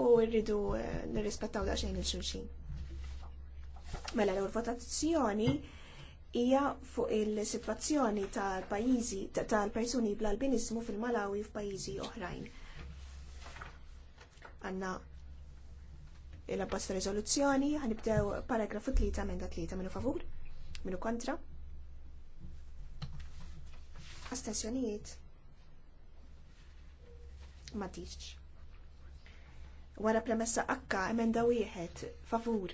u rridu eh, nirrispettaw daqsxejn il-xulxin. Mela l-votazzjoni hija fuq il-sitwazzjoni tal-pajjiżi tal-persuni bl-albinizmu fil-Malawi f'pajjiżi oħrajn. Għandna il-abbas riżoluzzjoni ħanibdew paragrafu 3 emenda 3 minu favur, minu kontra. Astensjonijiet ma Wara premessa akka emenda wieħed favur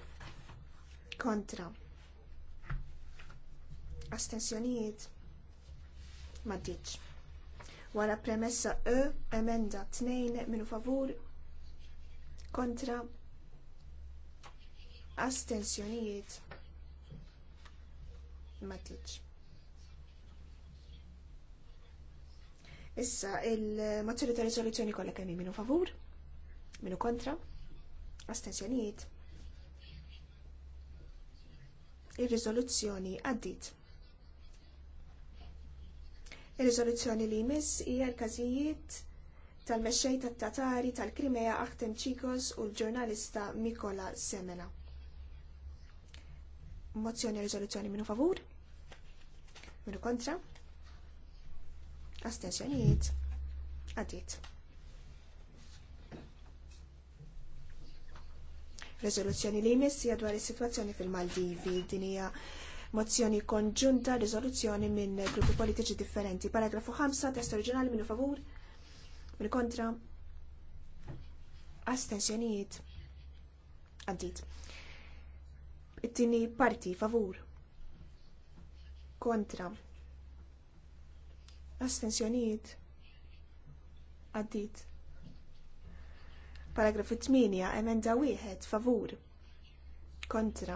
kontra astensjonijiet maddiċ. Wara premessa E emenda tnejn minu favur kontra astensjonijiet maddiċ. Issa, il-mazzjoni ta' risoluzzjoni kollha kemm minu favur? Minu kontra? Astenzjonijiet? Ir-riżoluzzjoni għaddit. Ir-riżoluzzjoni li jmiss hija l-każijiet tal-mexxej tat-Tatari tal-Krimea Aħtem Ċikos u l-ġurnalista Mikola Semena. Mozzjoni riżoluzzjoni minu favur? Minu kontra? Astenzjonijiet? Għaddit. Rezoluzzjoni li jmissija dwar is-sitwazzjoni fil-Maldivi din hija mozzjoni konġunta riżoluzzjoni minn gruppi politiċi differenti. Paragrafu 5, test oriġinali minn favur, minn kontra, astensjonijiet, għaddit. It-tini parti, favur, kontra, astensjonijiet, għaddit Paragrafu 8, emenda wieħed, favur. Kontra.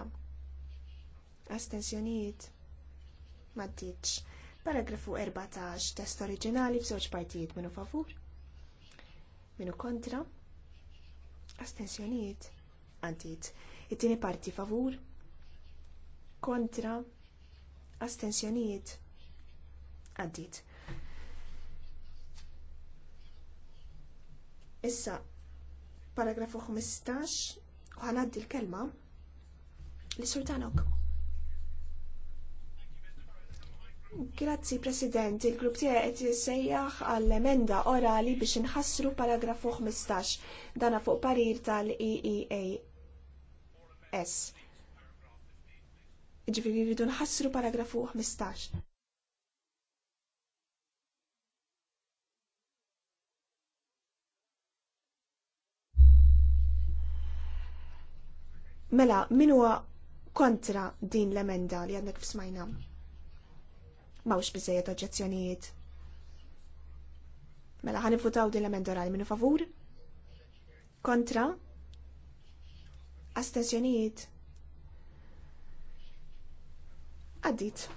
Astensjonijiet. Maddiċ. Paragrafu 14, test oriġinali f'żewġ partijiet minu favur. Minu kontra. Astensjonijiet. Għandit. It-tieni parti favur. Kontra. Astensjonijiet. Għandit. Issa, paragrafu 15 u ħanaddi l-kelma li surtanok. Grazzi President, il-grupp tiegħi qed jissejjaħ għall-emenda orali biex inħassru paragrafu 15 dana fuq parir tal-EEAS. Ġifieri rridu nħassru paragrafu 15. Mela, min huwa kontra din l-emenda li għandek f'smajna? Mawx biżejjed oġġezzjonijiet. Mela, ħanivvutaw din l-emenda orali minu favur? Kontra? Astenzjonijiet? Għaddit.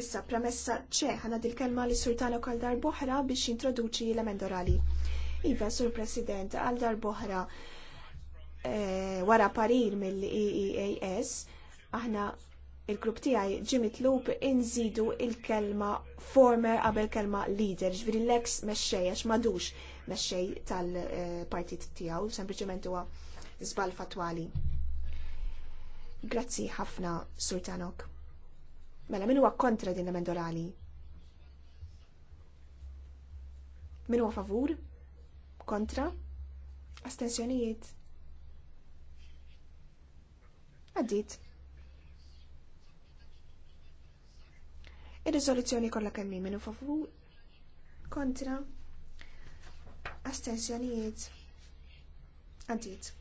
Issa premessa ċe ħana dil-kelma li sultano dar boħra biex jintroduċi l-emend orali. Iva, sur President, għal dar boħra eh, wara parir mill-EEAS, aħna il-grupp tiegħi ġimit lub inżidu il-kelma former qabel kelma leader, ġviri l-ex meċxej, għax madux meċxej tal-partit tiegħu, sempliċement huwa żball fatwali. Grazzi ħafna, Sultanok. Mela, min huwa kontra din l-emenda Min huwa favur? Kontra? Astensjonijiet? Għaddit. Ir-riżoluzzjoni kollha kemm min hu favur? Kontra? Astensjonijiet? Għaddit.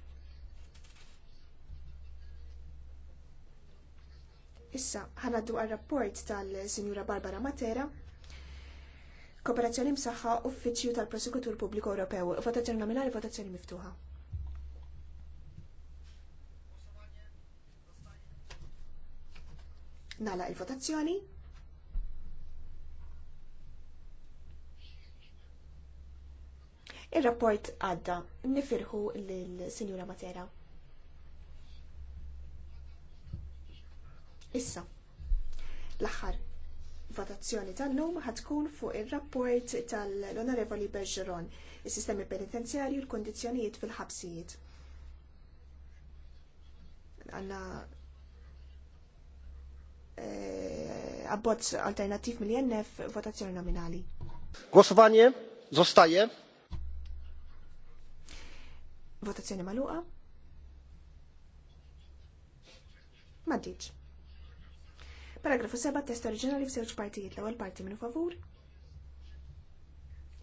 Issa, ħanaddu għal-rapport tal-Sinjura Barbara Matera, Kooperazzjoni msaħħa Uffiċċju tal-Prosekutur Pubbliku Ewropew, votazzjoni nominali, votazzjoni miftuħa. Nala il-votazzjoni. Il-rapport għadda, nifirħu l-Sinjura Matera. Issa, l-aħħar votazzjoni tal-lum ħatkun fuq ir rapport tal-Onorevoli Bergeron, is-sistemi penitenzjarju u l kundizzjonijiet fil-ħabsijiet. Għanna eh, abbozz alternattiv mill-INF votazzjoni nominali. Głosowanie zostaje. Votazzjoni maluqa. Maddiċ. Paragrafu 7 test oriġinali f'żewġ partijiet l-ewwel parti minn favur.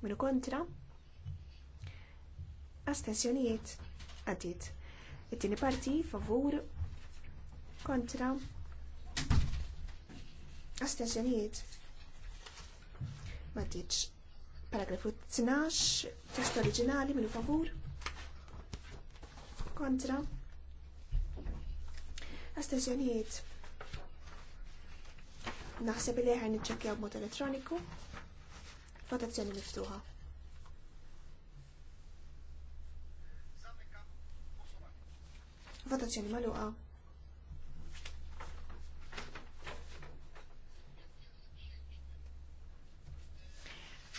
Minu kontra. Astensjonijiet għaddiet. It-tieni parti favur kontra. Astensjonijiet. Ma Paragrafu 12 test oriġinali minn favur. Kontra. Astensjonijiet Naħseb li ħan niċċekkjaw b'mod elettroniku. Votazzjoni miftuħa. Votazzjoni magħluqa.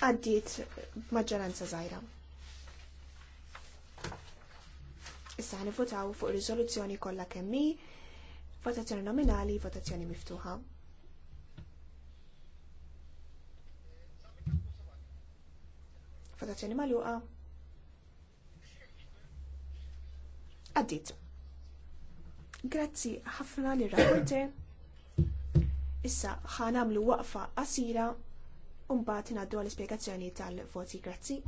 Għaddiet maġġoranza żgħira. Issa ħanifutaw fuq ir-riżoluzzjoni kollha kemm votazzjoni nominali, votazzjoni miftuħa. Votazzjoni magħluqa. Għaddit. Grazzi ħafna li rapporter. Issa ħanamlu waqfa qasira u mbagħad naddu għall spiegazzjoni tal-voti. Grazzi.